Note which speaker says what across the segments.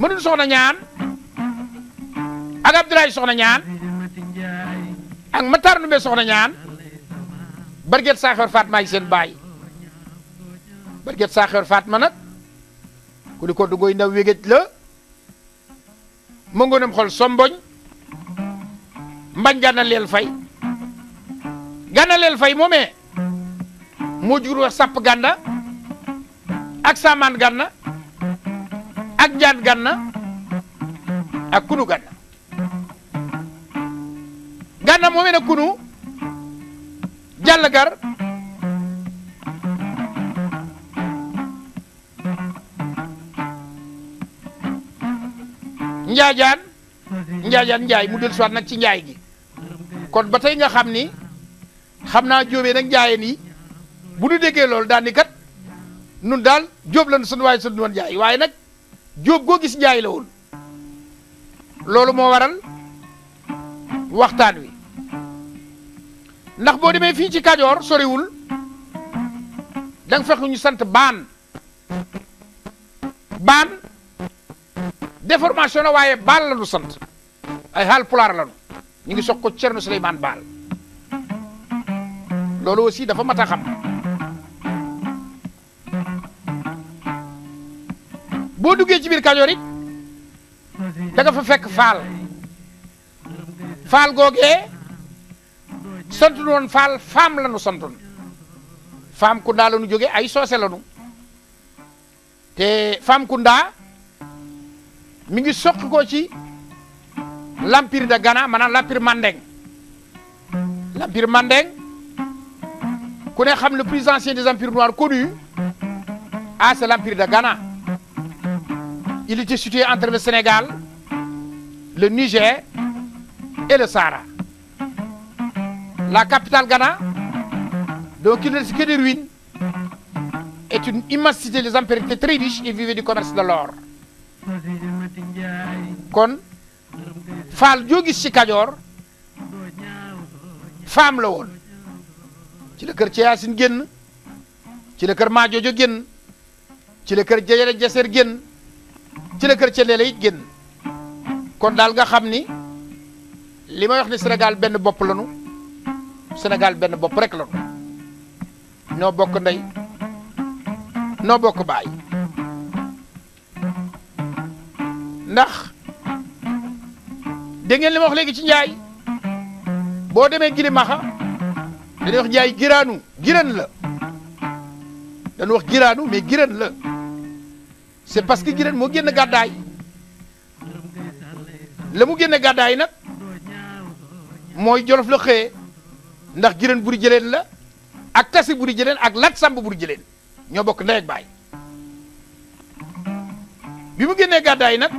Speaker 1: mënul soxna ñaan ak Abdoulaye soxna ñaan ak Matar Ndumbe soxna ñaan barget saaxeer Fatma yi seen baay barget saaxeer Fatma nag ku li ko dugoy ndaw wéget la mëngoonam xol somboñ mbañ gànna leel fay gànna leel fay moomee moo jur wax sàpp ak saamaan gànna ak jaat gànna ak kunu gànna gànna moomee na kunu jàll gar njaajaan njaajaan njaay mu del suwaat nag ci njaay gi kon ba tey nga xam ni xam naa jóobee nag njaayeen yi bu nu déggee loolu daal ni kat nun daal jóob lan sun waaye sun woon njaay waaye nag jóob goo gis njaay la woon loolu moo waral waxtaan wi ndax boo demee fii ci Kajoor sorewul da nga fekk ñu sant baan baan déformation la waaye baal la ñu sant ay xaal pulaar la ñu ñu ngi soog ko Cerno Suleymaan Baal loolu aussi dafa mat a xam. boo duggee ci biir Kajoor it da fa fekk faal faal googee santu woon faal faam la nu santoon faam kundaa la nu jóge ay soose la nu te faam kundaa mi ngi soq ko ci l'empire de Ghana maanaam l'empire Mandeng l'empire Mandeng ku ne xam le plus ancien des empires noirs connus ah c'est l'empire de Ghana il était situé entre le Sénégal, le Niger et le Sahara. La capitale Ghana, donc il ne reste que des ruines, est une immensité, les empires étaient très riches et vivaient du commerce de l'or. kon faal joo ci Kajoor faam la ci la kër Ceyaasin génn ci la Maajoojo génn ci la kër Jajare Jaseer ci la kër Thiendella it génn kon daal nga xam ni li may wax ni senegal benn bopp lanu Sénégal benn bopp rek lanu noo bokk ndey noo bokk baay ndax dégg li ma wax léegi ci njaay boo demee giri maxa dañuy wax njaay giraanu giran la dañu wax giraanu mais giran la c'est parce que Guirène moo génn gàddaay la mu génne gàddaay nag mooy jolof la xëyee ndax Guirène buri jëleen la ak tasi buri jëleen ak lat sàmb buri jëleen ñoo bokk ndey ak baay bi mu génnee gàddaay nag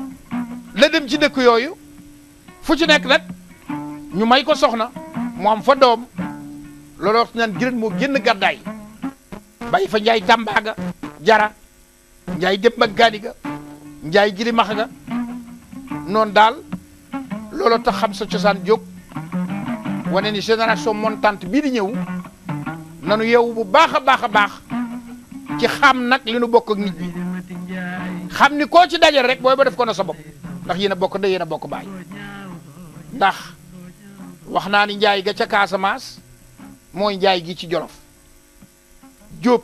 Speaker 1: la dem ci dëkk yooyu fu ci nekk nag ñu may ko soxna mu am fa doom looloo wax naan moo génn gàddaay bàyyi fa njaay tàmbaaga jara njaay dépp mag gaani ga njaay jili max ga noonu daal looloo tax xam sa cosaan jóg wane ni génération montante bii di ñëw nanu yeewu bu baax a baax a baax ci xam nag li nu bokk ak nit ñi xam ni koo ci dajal rek booy ba def ko na sa bopp ndax yéen a bokk ndey yéen a bokk baay ndax wax naa ni njaay ga ca Casamance mooy njaay gi ci Jolof Jóob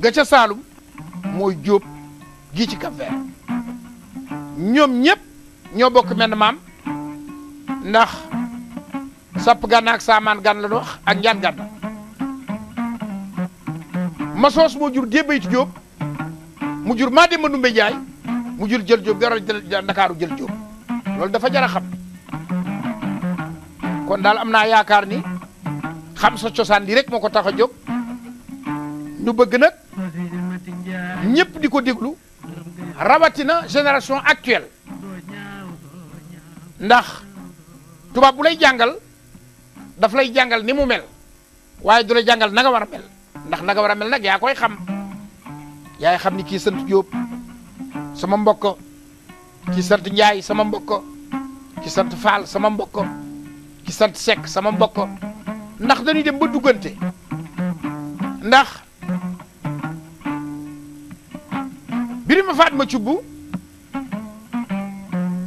Speaker 1: ga ca Saalum mooy jóob gi ci Cap ñoom ñëpp ñoo bokk menn maam ndax sap gan ak saamaan gan la ñu wax ak njaan gan moo jur débéytu jóob mu jur maa demba ndumbe njaay mu jur jël jóob garal jël jóob loolu dafa jar kon daal am naa yaakaar ni xam sa cosaan di moo ko tax a jóg ñu bëgg nag ñëpp di ko déglu rawatina génération actuelle ndax tubaab bu lay jàngal daf lay jàngal ni mu mel waaye du lay jàngal na war a mel ndax na war a mel nag yaa koy xam yaay xam ni kii sant Diop sama mbokk ki sant Ndiaye sama mbokk ki sant Fall sama mbokk ki sant Seck sama mbokk ndax dañuy dem ba duggante ndax. ma Fatma Thioub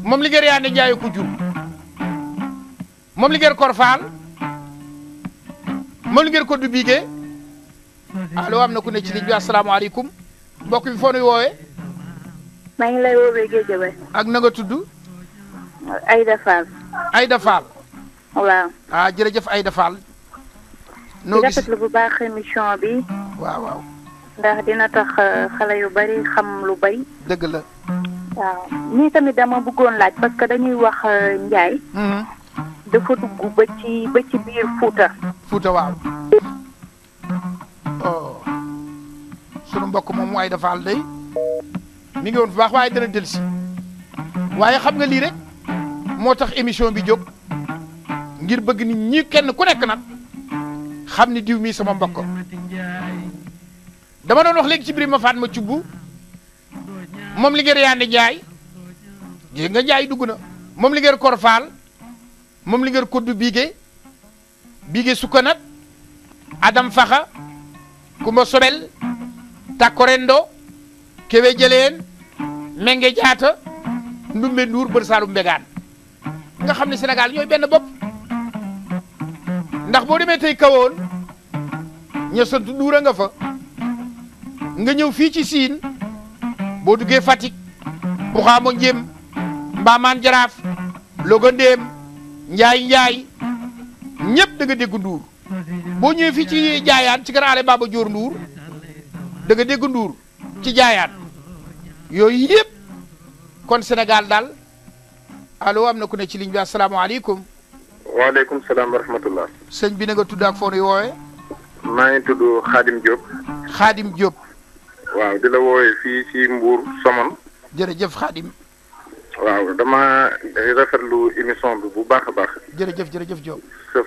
Speaker 1: moom li ngeen yaane jaayu ko jur moom li kor faal moom li ko du biige allo na ku ne ci ligne bi asalaamaaleykum mbokk bi foo nuy woowee. maa ngi lay woowee Géejawaay. ak na nga tudd. Aïda Fall. Aïda Fall. waaw. ah jërëjëf Aïda Fall. noo gis rafetlu
Speaker 2: bu baax émission bi. waaw waaw. ndax dina tax euh, xale yu bari xam lu bari. dëgg la. waaw ñii tamit dama bëggoon laaj parce que dañuy wax euh, Ndiaye. Mm-hmm. dafa
Speaker 1: dugg ba biir Fouta. Fouta waaw. oh sunu mbokk moom waaye dafa àll day ngi woon bu waaye dana dellusi waaye xam nga lii rek moo tax émission bi jóg ngir bëgg nit ñi kenn ku nekk nag xam ni diw mii sama mbokk. dama doon wax léegi ci biir ma faat ma cubbu moom liggéey Yande Njaay jé nga Njaay dugg na moom liggéey Kor Faal moom liggéey koddu biige biige sukkanat adam faxa kumba sobel takorendo kewe jëleen menge jaata ndumbe nduur bër mbegaan nga xam ne senegal ñooy benn bopp ndax boo demee tey kawoon ña sant nduur a nga fa nga ñëw fii ci siin boo duggee Fatick Buxaama Njëm Mbaamaan Jaraaf Loga Njaay Njaay ñëpp da dégg nduur boo ñëwee fii ci jaayaan ci kër ale Baba Joor Nduur da dégg nduur ci jaayaan yooyu yëpp kon senegal daal allo am na ku ne ci liñ bi asalaamaaleykum.
Speaker 2: waaleykum salaam wa rahmatullah.
Speaker 1: sëñ bi na nga tudd ak
Speaker 2: maa ngi tudd Khadim Diop. Khadim waaw di la wooyee fii ci mbuur Somone. jërëjëf Khadim. waaw dama rafetlu émission bi bu baax a baax.
Speaker 1: jërëjëf jërëjëf Diop.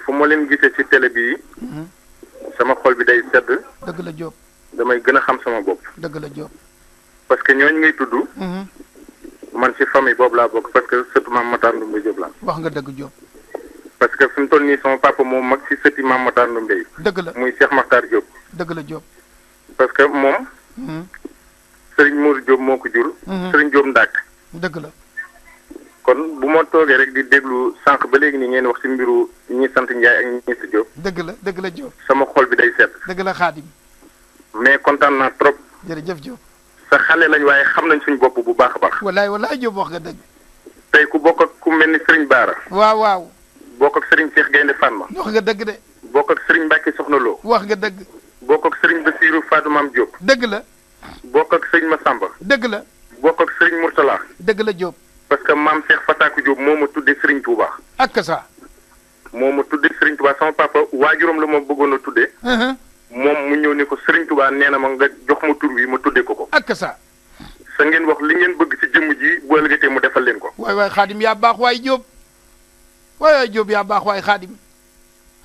Speaker 2: fu ma leen gisee ci télé bi mm-hmm. sama xol bi day sedd. dëgg la Diop. damay gën a xam sama bopp. dëgg la Diop. parce que ñooñu ngay tudd. Mm-hmm. man ci famille boobu laa bokk parce que sëtu maam Matar wax nga dëgg Diop. parce que fi mu toll nii sama papa moom mag ci sëti maam ma Ndoumbe. dëgg la muy Cheikh Makhtar Diop. dëgg la Diop. parce que moom. Mhm. sëriñ Mourou Diop moo ko jur. Mhm. sëriñ Diop ndàkk. dëgg la. kon bu ma toogee rek di déglu sànq ba léegi nii ngeen wax ci mbiru ñi sant Ndiaye ak ñi si dëgg la dëgg la Diop. sama xol bi day set. dëgg la Xaadim. mais kontaan naa trop. jërëjëf Diop. sa xale lañ waaye xam nañ suñ bopp bu baax a baax. wallaay
Speaker 1: wallaay Diop wax nga dëgg.
Speaker 2: tey ku bokk ak ku mel ni Serigne Baara. waaw waaw. bokk ak Serigne Cheikh Gaynde Fatma. wax nga dëgg de. bokk ak Serigne Mbacke Soxna Lo.
Speaker 1: wax dëgg.
Speaker 2: bokk ak sëriñ Basiiru Faadu Maam Diop. dëgg la. bokk ak sëriñ Masamba. dëgg la. bokk ak sëriñ Mourtala. dëgg la Diop. parce que maam Cheikh Fatakou Diop moo ma tuddee sëriñ Touba. ak sa. moo ma tuddee sëriñ Touba sama papa waajuram la ma bëggoon a tuddee. moom mu ñëw ne ko sëriñ Touba nee na ma nga jox ma tur wi ma tuddee ko ko. ak sa. sa ngeen wax li ngeen bëgg ci jëmm ji bu ëllëgatee mu defal leen ko.
Speaker 1: waay waay xaadim yaa baax waay Diop. waay waay Diop yaa baax waay xaadim.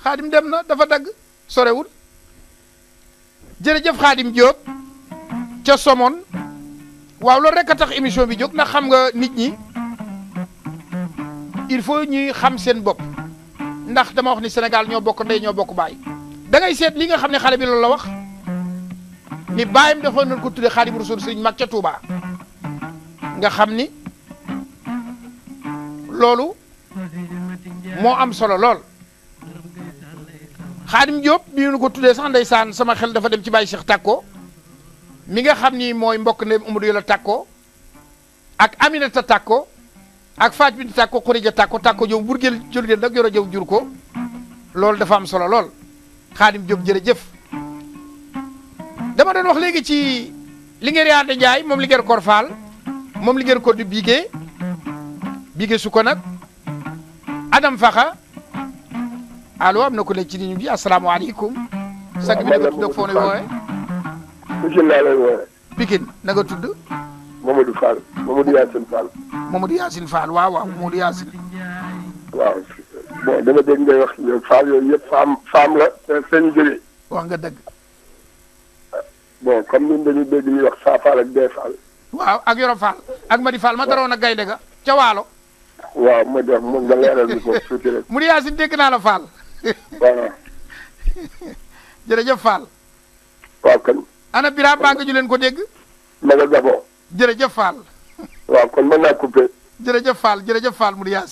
Speaker 1: xaadim dem na jërëjëf Xaadim Diop ca Somone waaw loolu rek a tax émission bi jóg na xam nga nit ñi il faut ñuy xam seen bopp ndax dama wax ni Sénégal ñoo bokk ndey ñoo bokk baay da ngay seet li nga xam ne xale bi loolu la wax ni baayam defoon nañ ko tuddee Xaadim Rasul sëriñ mag ca Touba nga xam ni loolu moo am solo lool. xaadim Diop bi ñu ko tuddee sax ndeysaan sama xel dafa dem ci Baye Cheikh Takko mi nga xam ni mooy mbokk ne Amadou Yàlla Takko ak Aminata Takko ak Fatou Bintou Takko Khurija Takko Takko Diop burgeel jël leen nag yoro jëw jur ko loolu dafa am solo lool xaadim Diop jëf dama doon wax léegi ci Linguère Yande Ndiaye moom Linguère Kor Fall moom Linguère Kor du Bigé Bigé ko nag Adam Faxa allo am na ku nekk ci ligne bi asalaamaaleykum. sag bi na nga tudd ak foo nuy woowee.
Speaker 2: Pikine laa lay woowee. Pikine tudd. Mamadou Fall Mamadou Yacine Fall.
Speaker 1: Mamadou Yacine Fall waaw waaw waaw wax nga dëgg.
Speaker 2: bon comme ñun dañuy dégg ñuy wax ak Dee
Speaker 1: Yoro Fall ak Madi Fall ma daroon ak gaynde ga ca Waalo.
Speaker 2: waaw ma jox
Speaker 1: ma dégg naa la Fall. voilà. jërëjëf Fall. waaw kan. ana Bira baa ñu leen ko dégg.
Speaker 2: ma nga Gabon.
Speaker 1: jërëjëf Fall.
Speaker 2: waaw kon mën naa coupé.
Speaker 1: jërëjëf Fall jërëjëf